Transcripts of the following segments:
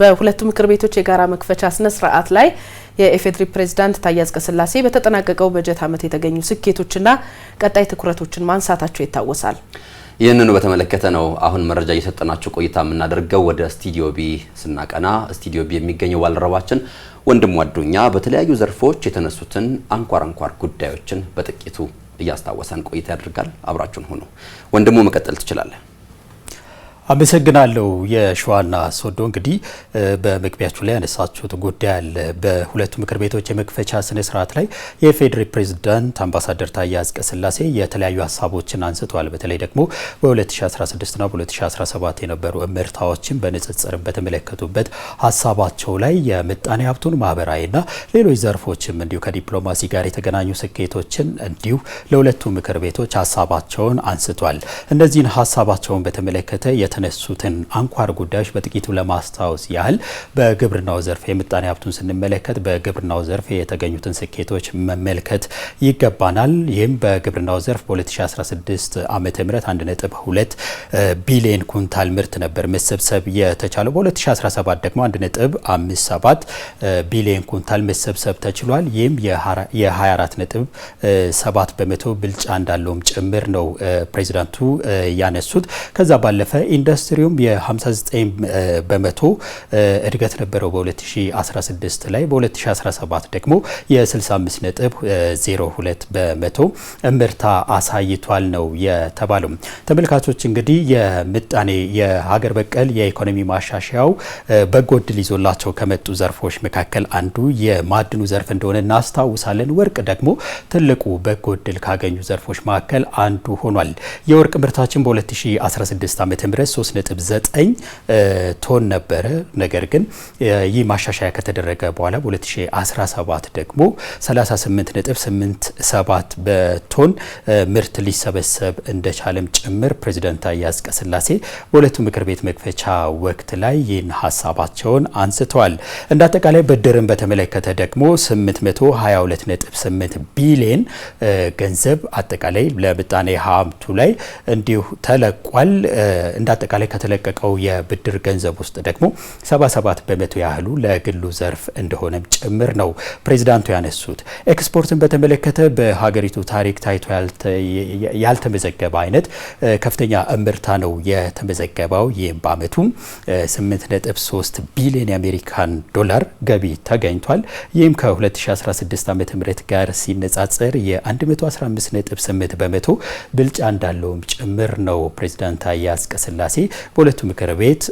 በሁለቱ ምክር ቤቶች የጋራ መክፈቻ ስነ ስርዓት ላይ የኢፌዴሪ ፕሬዝዳንት ታዬ አጽቀሥላሴ በተጠናቀቀው በጀት ዓመት የተገኙ ስኬቶችና ቀጣይ ትኩረቶችን ማንሳታቸው ይታወሳል። ይህንኑ በተመለከተ ነው አሁን መረጃ እየሰጠናቸው ቆይታ የምናደርገው። ወደ ስቱዲዮ ቢ ስናቀና ስቱዲዮ ቢ የሚገኘው ባልደረባችን ወንድሙ አዱኛ በተለያዩ ዘርፎች የተነሱትን አንኳር አንኳር ጉዳዮችን በጥቂቱ እያስታወሰን ቆይታ ያደርጋል። አብራችሁን ሁኑ። ወንድሙ መቀጠል ትችላለ። አመሰግናለሁ የሸዋና ሶዶ እንግዲህ በመግቢያችሁ ላይ ያነሳችሁት ጉዳይ አለ። በሁለቱ ምክር ቤቶች የመክፈቻ ስነ ስርዓት ላይ የፌዴሬ ፕሬዝዳንት አምባሳደር ታዬ አጽቀሥላሴ የተለያዩ ሀሳቦችን አንስተዋል። በተለይ ደግሞ በ2016ና በ2017 የነበሩ እምርታዎችን በንጽጽር በተመለከቱበት ሀሳባቸው ላይ የምጣኔ ሀብቱን ማህበራዊና ሌሎች ዘርፎችም እንዲሁ ከዲፕሎማሲ ጋር የተገናኙ ስኬቶችን እንዲሁ ለሁለቱ ምክር ቤቶች ሀሳባቸውን አንስቷል። እነዚህን ሀሳባቸውን በተመለከተ የተነሱትን አንኳር ጉዳዮች በጥቂቱ ለማስታወስ ያህል በግብርናው ዘርፍ የምጣኔ ሀብቱን ስንመለከት በግብርናው ዘርፍ የተገኙትን ስኬቶች መመልከት ይገባናል። ይህም በግብርናው ዘርፍ በ2016 ዓመተ ምህረት 1.2 ቢሊዮን ኩንታል ምርት ነበር መሰብሰብ የተቻለው። በ2017 ደግሞ 1.57 ቢሊዮን ኩንታል መሰብሰብ ተችሏል። ይህም የ24.7 በመቶ ብልጫ እንዳለውም ጭምር ነው ፕሬዚዳንቱ ያነሱት። ከዛ ባለፈ ኢንዱስትሪውም የ59 በመቶ እድገት ነበረው በ2016 ላይ በ2017 ደግሞ የ65 ነጥብ 02 በመቶ እምርታ አሳይቷል ነው የተባለው። ተመልካቾች እንግዲህ የምጣኔ የሀገር በቀል የኢኮኖሚ ማሻሻያው በጎ እድል ይዞላቸው ከመጡ ዘርፎች መካከል አንዱ የማድኑ ዘርፍ እንደሆነ እናስታውሳለን። ወርቅ ደግሞ ትልቁ በጎ እድል ካገኙ ዘርፎች መካከል አንዱ ሆኗል። የወርቅ ምርታችን በ2016 ዓ.ም 3.9 ቶን ነበረ። ነገር ግን ይህ ማሻሻያ ከተደረገ በኋላ በ2017 ደግሞ 38.87 በቶን ምርት ሊሰበሰብ እንደቻለም ጭምር ፕሬዚደንት ታዬ አጽቀሥላሴ በሁለቱ ምክር ቤት መክፈቻ ወቅት ላይ ይህን ሀሳባቸውን አንስተዋል። እንደ አጠቃላይ ብድርን በተመለከተ ደግሞ 822.8 ቢሊየን ገንዘብ አጠቃላይ ለምጣኔ ሀብቱ ላይ እንዲሁ ተለቋል። በአጠቃላይ ከተለቀቀው የብድር ገንዘብ ውስጥ ደግሞ 77 በመቶ ያህሉ ለግሉ ዘርፍ እንደሆነም ጭምር ነው ፕሬዚዳንቱ ያነሱት። ኤክስፖርትን በተመለከተ በሀገሪቱ ታሪክ ታይቶ ያልተመዘገበ አይነት ከፍተኛ እምርታ ነው የተመዘገበው። ይህም በአመቱ 8.3 ቢሊዮን የአሜሪካን ዶላር ገቢ ተገኝቷል። ይህም ከ2016 ዓ ም ጋር ሲነጻጸር የ115.8 በመቶ ብልጫ እንዳለውም ጭምር ነው ፕሬዚዳንት ታዬ እንቅስቃሴ በሁለቱ ምክር ቤት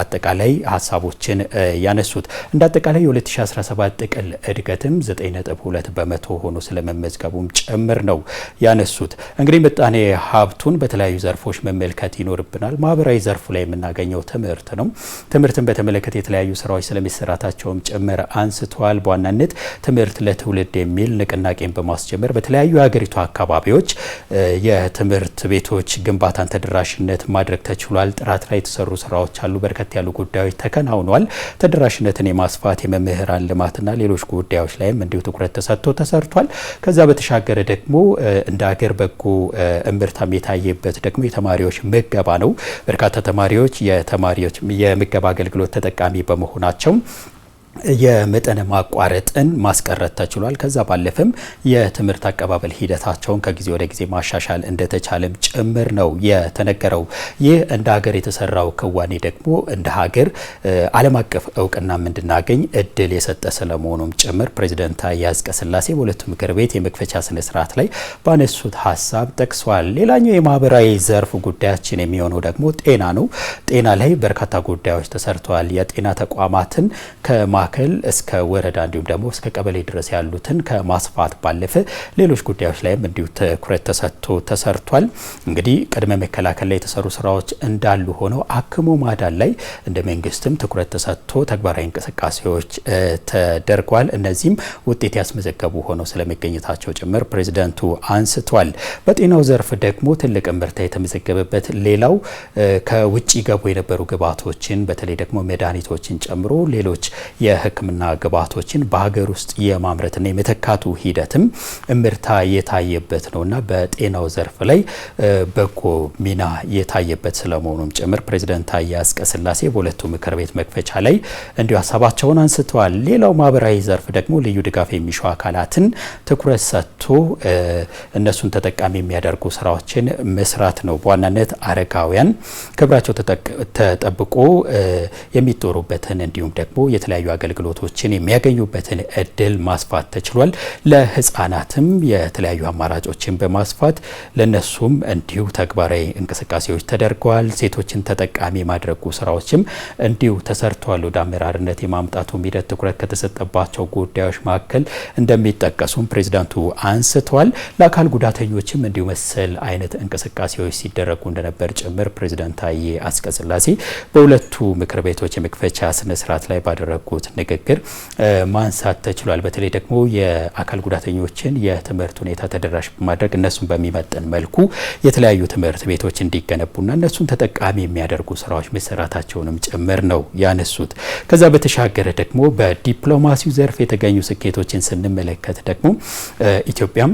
አጠቃላይ ሀሳቦችን ያነሱት እንደ አጠቃላይ የ2017 ጥቅል እድገትም 9.2 በመቶ ሆኖ ስለመመዝገቡም ጭምር ነው ያነሱት። እንግዲህ ምጣኔ ሀብቱን በተለያዩ ዘርፎች መመልከት ይኖርብናል። ማህበራዊ ዘርፉ ላይ የምናገኘው ትምህርት ነው። ትምህርትን በተመለከተ የተለያዩ ስራዎች ስለሚሰራታቸውም ጭምር አንስተዋል። በዋናነት ትምህርት ለትውልድ የሚል ንቅናቄን በማስጀመር በተለያዩ የሀገሪቱ አካባቢዎች የትምህርት ቤቶች ግንባታን ተደራሽነት ማድረግ ተችሏል። ችሏል። ጥራት ላይ የተሰሩ ስራዎች አሉ። በርከት ያሉ ጉዳዮች ተከናውኗል። ተደራሽነትን የማስፋት የመምህራን ልማትና ሌሎች ጉዳዮች ላይም እንዲሁ ትኩረት ተሰጥቶ ተሰርቷል። ከዛ በተሻገረ ደግሞ እንደ ሀገር በጎ እምርታም የታየበት ደግሞ የተማሪዎች ምገባ ነው። በርካታ ተማሪዎች የተማሪዎች የምገባ አገልግሎት ተጠቃሚ በመሆናቸው የመጠነ ማቋረጥን ማስቀረት ተችሏል። ከዛ ባለፈም የትምህርት አቀባበል ሂደታቸውን ከጊዜ ወደ ጊዜ ማሻሻል እንደተቻለም ጭምር ነው የተነገረው። ይህ እንደ ሀገር የተሰራው ክዋኔ ደግሞ እንደ ሀገር ዓለም አቀፍ እውቅና እንድናገኝ እድል የሰጠ ስለመሆኑም ጭምር ፕሬዚደንት ታዬ አጽቀሥላሴ በሁለቱ ምክር ቤት የመክፈቻ ስነ ስርዓት ላይ ባነሱት ሀሳብ ጠቅሷል። ሌላኛው የማህበራዊ ዘርፍ ጉዳያችን የሚሆነው ደግሞ ጤና ነው። ጤና ላይ በርካታ ጉዳዮች ተሰርተዋል። የጤና ተቋማትን ከማ ከማዕከል እስከ ወረዳ እንዲሁም ደግሞ እስከ ቀበሌ ድረስ ያሉትን ከማስፋት ባለፈ ሌሎች ጉዳዮች ላይም እንዲሁ ትኩረት ተሰጥቶ ተሰርቷል። እንግዲህ ቅድመ መከላከል ላይ የተሰሩ ስራዎች እንዳሉ ሆነው አክሞ ማዳን ላይ እንደ መንግስትም ትኩረት ተሰጥቶ ተግባራዊ እንቅስቃሴዎች ተደርጓል። እነዚህም ውጤት ያስመዘገቡ ሆነው ስለመገኘታቸው ጭምር ፕሬዚደንቱ አንስቷል። በጤናው ዘርፍ ደግሞ ትልቅ ምርታ የተመዘገበበት ሌላው ከውጭ ገቡ የነበሩ ግብዓቶችን በተለይ ደግሞ መድኃኒቶችን ጨምሮ ሌሎች የሕክምና ግብዓቶችን በሀገር ውስጥ የማምረትና የመተካቱ ሂደትም እምርታ የታየበት ነውና በጤናው ዘርፍ ላይ በጎ ሚና የታየበት ስለመሆኑም ጭምር ፕሬዚደንት ታዬ አጽቀሥላሴ በሁለቱ ምክር ቤት መክፈቻ ላይ እንዲሁ ሀሳባቸውን አንስተዋል። ሌላው ማህበራዊ ዘርፍ ደግሞ ልዩ ድጋፍ የሚሹ አካላትን ትኩረት ሰጥቶ እነሱን ተጠቃሚ የሚያደርጉ ስራዎችን መስራት ነው። በዋናነት አረጋውያን ክብራቸው ተጠብቆ የሚጦሩበትን እንዲሁም ደግሞ የተለያዩ አገልግሎቶችን የሚያገኙበትን እድል ማስፋት ተችሏል። ለህጻናትም የተለያዩ አማራጮችን በማስፋት ለነሱም እንዲሁ ተግባራዊ እንቅስቃሴዎች ተደርገዋል። ሴቶችን ተጠቃሚ ማድረጉ ስራዎችም እንዲሁ ተሰርተዋል። ወደ አመራርነት የማምጣቱ ሂደት ትኩረት ከተሰጠባቸው ጉዳዮች መካከል እንደሚጠቀሱም ፕሬዚዳንቱ አንስተዋል። ለአካል ጉዳተኞችም እንዲሁ መሰል አይነት እንቅስቃሴዎች ሲደረጉ እንደነበር ጭምር ፕሬዚዳንት ታዬ አጽቀሥላሴ በሁለቱ ምክር ቤቶች የመክፈቻ ስነስርዓት ላይ ባደረጉት በሰጡት ንግግር ማንሳት ተችሏል። በተለይ ደግሞ የአካል ጉዳተኞችን የትምህርት ሁኔታ ተደራሽ በማድረግ እነሱን በሚመጥን መልኩ የተለያዩ ትምህርት ቤቶች እንዲገነቡና እነሱን ተጠቃሚ የሚያደርጉ ስራዎች መሰራታቸውንም ጭምር ነው ያነሱት። ከዛ በተሻገረ ደግሞ በዲፕሎማሲው ዘርፍ የተገኙ ስኬቶችን ስንመለከት ደግሞ ኢትዮጵያም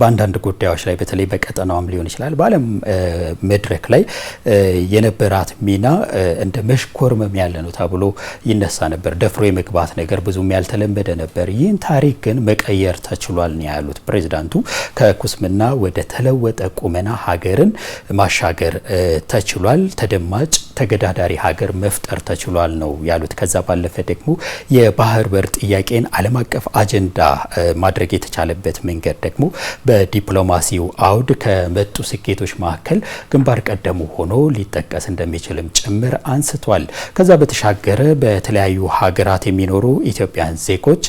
በአንዳንድ ጉዳዮች ላይ በተለይ በቀጠናውም ሊሆን ይችላል በዓለም መድረክ ላይ የነበራት ሚና እንደ መሽኮርመም ያለ ነው ተብሎ ይነሳ ነበር። ደፍሮ የመግባት ነገር ብዙም ያልተለመደ ነበር። ይህን ታሪክ ግን መቀየር ተችሏል ነው ያሉት ፕሬዚዳንቱ። ከኩስምና ወደ ተለወጠ ቁመና ሀገርን ማሻገር ተችሏል፣ ተደማጭ ተገዳዳሪ ሀገር መፍጠር ተችሏል ነው ያሉት። ከዛ ባለፈ ደግሞ የባህር በር ጥያቄን ዓለም አቀፍ አጀንዳ ማድረግ የተቻለበት መንገድ ደግሞ በዲፕሎማሲው አውድ ከመጡ ስኬቶች መካከል ግንባር ቀደሙ ሆኖ ሊጠቀስ እንደሚችልም ጭምር አንስቷል። ከዛ በተሻገረ በተለያዩ ሀገራት የሚኖሩ ኢትዮጵያን ዜጎች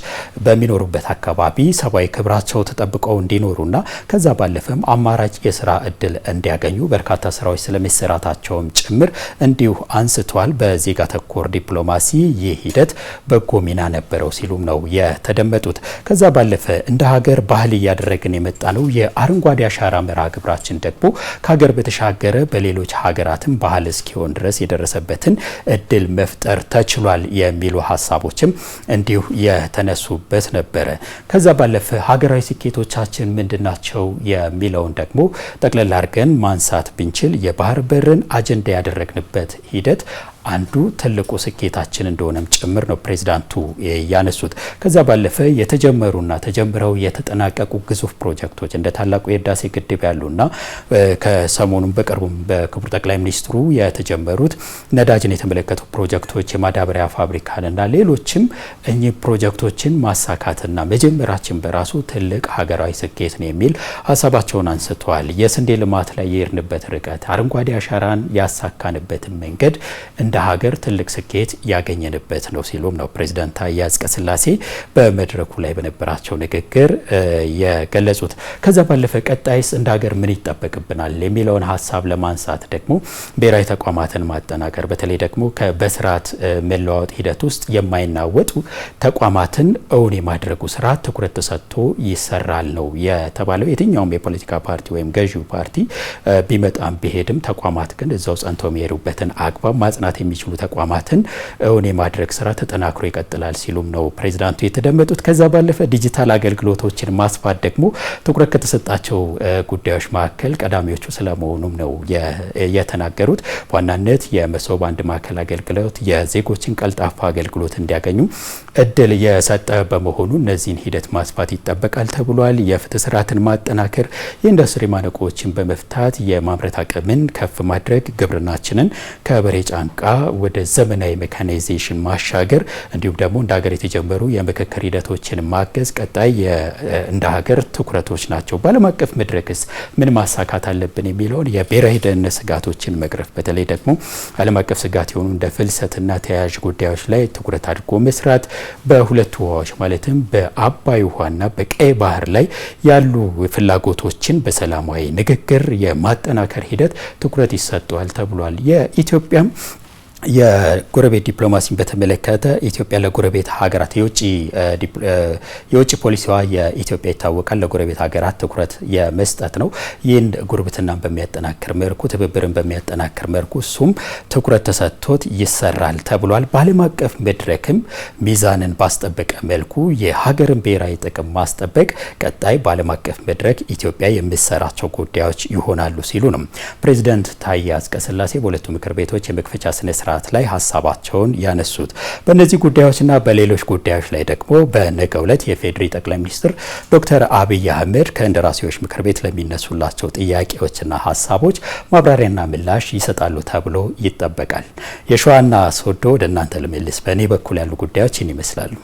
በሚኖሩበት አካባቢ ሰብአዊ ክብራቸው ተጠብቀው እንዲኖሩና ከዛ ባለፈም አማራጭ የስራ እድል እንዲያገኙ በርካታ ስራዎች ስለመሰራታቸውም ጭምር እንዲሁ አንስቷል። በዜጋ ተኮር ዲፕሎማሲ ይህ ሂደት በጎ ሚና ነበረው ሲሉም ነው የተደመጡት። ከዛ ባለፈ እንደ ሀገር ባህል እያደረግን የመጣ በቀጣለው የአረንጓዴ አሻራ መርሃ ግብራችን ደግሞ ከሀገር በተሻገረ በሌሎች ሀገራትም ባህል እስኪሆን ድረስ የደረሰበትን እድል መፍጠር ተችሏል የሚሉ ሀሳቦችም እንዲሁ የተነሱበት ነበረ። ከዛ ባለፈ ሀገራዊ ስኬቶቻችን ምንድናቸው የሚለውን ደግሞ ጠቅለል አድርገን ማንሳት ብንችል የባህር በርን አጀንዳ ያደረግንበት ሂደት አንዱ ትልቁ ስኬታችን እንደሆነም ጭምር ነው ፕሬዚዳንቱ ያነሱት። ከዛ ባለፈ የተጀመሩና ተጀምረው የተጠናቀቁ ግዙፍ ፕሮጀክቶች እንደ ታላቁ የህዳሴ ግድብ ያሉና ከሰሞኑም በቅርቡም በክቡር ጠቅላይ ሚኒስትሩ የተጀመሩት ነዳጅን የተመለከቱ ፕሮጀክቶች የማዳበሪያ ፋብሪካንና ሌሎችም እኚህ ፕሮጀክቶችን ማሳካትና መጀመራችን በራሱ ትልቅ ሀገራዊ ስኬት ነው የሚል ሀሳባቸውን አንስተዋል። የስንዴ ልማት ላይ የሄድንበት ርቀት፣ አረንጓዴ አሻራን ያሳካንበትን መንገድ እንደ ሀገር ትልቅ ስኬት ያገኘንበት ነው ሲሉም ነው ፕሬዚዳንት ታዬ አጽቀሥላሴ በመድረኩ ላይ በነበራቸው ንግግር የገለጹት። ከዛ ባለፈ ቀጣይስ እንደ ሀገር ምን ይጠበቅብናል የሚለውን ሀሳብ ለማንሳት ደግሞ ብሔራዊ ተቋማትን ማጠናከር በተለይ ደግሞ በስርዓት መለዋወጥ ሂደት ውስጥ የማይናወጡ ተቋማትን እውን የማድረጉ ስራ ትኩረት ተሰጥቶ ይሰራል ነው የተባለው። የትኛውም የፖለቲካ ፓርቲ ወይም ገዢው ፓርቲ ቢመጣም ቢሄድም ተቋማት ግን እዛው ጸንተው የሚሄዱበትን አግባብ ማጽናት የሚችሉ ተቋማትን እውን የማድረግ ስራ ተጠናክሮ ይቀጥላል ሲሉም ነው ፕሬዚዳንቱ የተደመጡት። ከዛ ባለፈ ዲጂታል አገልግሎቶችን ማስፋት ደግሞ ትኩረት ከተሰጣቸው ጉዳዮች መካከል ቀዳሚዎቹ ስለመሆኑም ነው የተናገሩት። በዋናነት የመሶብ አንድ ማዕከል አገልግሎት የዜጎችን ቀልጣፋ አገልግሎት እንዲያገኙ እድል የሰጠ በመሆኑ እነዚህን ሂደት ማስፋት ይጠበቃል ተብሏል። የፍትህ ስርዓትን ማጠናከር፣ የኢንዱስትሪ ማነቆዎችን በመፍታት የማምረት አቅምን ከፍ ማድረግ፣ ግብርናችንን ከበሬ ጫንቃ ወደ ዘመናዊ ሜካናይዜሽን ማሻገር እንዲሁም ደግሞ እንደ ሀገር የተጀመሩ የምክክር ሂደቶችን ማገዝ ቀጣይ እንደ ሀገር ትኩረቶች ናቸው። በዓለም አቀፍ መድረክስ ምን ማሳካት አለብን የሚለውን የብሔራዊ ደህንነት ስጋቶችን መቅረፍ፣ በተለይ ደግሞ ዓለም አቀፍ ስጋት የሆኑ እንደ ፍልሰትና ተያያዥ ጉዳዮች ላይ ትኩረት አድርጎ መስራት፣ በሁለቱ ውሃዎች ማለትም በአባይ ውሃና በቀይ ባህር ላይ ያሉ ፍላጎቶችን በሰላማዊ ንግግር የማጠናከር ሂደት ትኩረት ይሰጠዋል ተብሏል። የኢትዮጵያም የጎረቤት ዲፕሎማሲን በተመለከተ ኢትዮጵያ ለጎረቤት ሀገራት የውጭ ፖሊሲዋ የኢትዮጵያ ይታወቃል። ለጎረቤት ሀገራት ትኩረት የመስጠት ነው። ይህን ጉርብትናን በሚያጠናክር መልኩ፣ ትብብርን በሚያጠናክር መልኩ እሱም ትኩረት ተሰጥቶት ይሰራል ተብሏል። በዓለም አቀፍ መድረክም ሚዛንን ባስጠበቀ መልኩ የሀገርን ብሔራዊ ጥቅም ማስጠበቅ ቀጣይ በዓለም አቀፍ መድረክ ኢትዮጵያ የሚሰራቸው ጉዳዮች ይሆናሉ ሲሉ ነው ፕሬዚደንት ታዬ አጽቀሥላሴ በሁለቱ ምክር ቤቶች የመክፈቻ ስነ ስርዓት ላይ ሀሳባቸውን ያነሱት። በእነዚህ ጉዳዮችና በሌሎች ጉዳዮች ላይ ደግሞ በነገ ዕለት የፌዴሪ ጠቅላይ ሚኒስትር ዶክተር አብይ አህመድ ከእንደራሴዎች ምክር ቤት ለሚነሱላቸው ጥያቄዎችና ሀሳቦች ማብራሪያና ምላሽ ይሰጣሉ ተብሎ ይጠበቃል። የሸዋና ሶዶ ወደ እናንተ ልመልስ። በእኔ በኩል ያሉ ጉዳዮች ይህን ይመስላሉ።